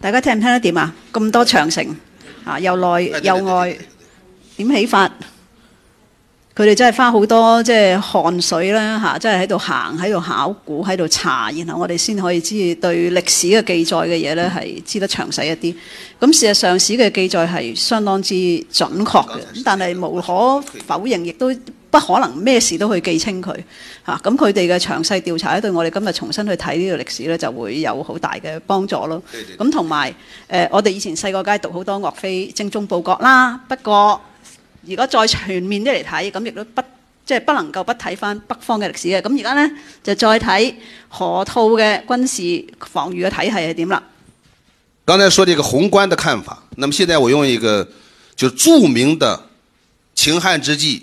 大家聽唔聽得點啊？咁多長城，啊又內又外，點起發？佢哋真係花好多即係汗水啦嚇，真係喺度行，喺度考古，喺度查，然後我哋先可以知對歷史嘅記載嘅嘢呢係知得詳細一啲。咁事實上史嘅記載係相當之準確嘅，但係無可否認，亦都。不可能咩事都去記清佢嚇，咁佢哋嘅詳細調查咧，對我哋今日重新去睇呢個歷史咧，就會有好大嘅幫助咯。咁同埋誒，我哋以前細個梗係讀好多岳飛精忠報國啦，不過如果再全面啲嚟睇，咁亦都不即係、就是、不能夠不睇翻北方嘅歷史嘅。咁而家呢，就再睇河套嘅軍事防禦嘅體系係點啦。剛才說的一個宏觀嘅看法，那麼現在我用一個就著名的秦漢之際。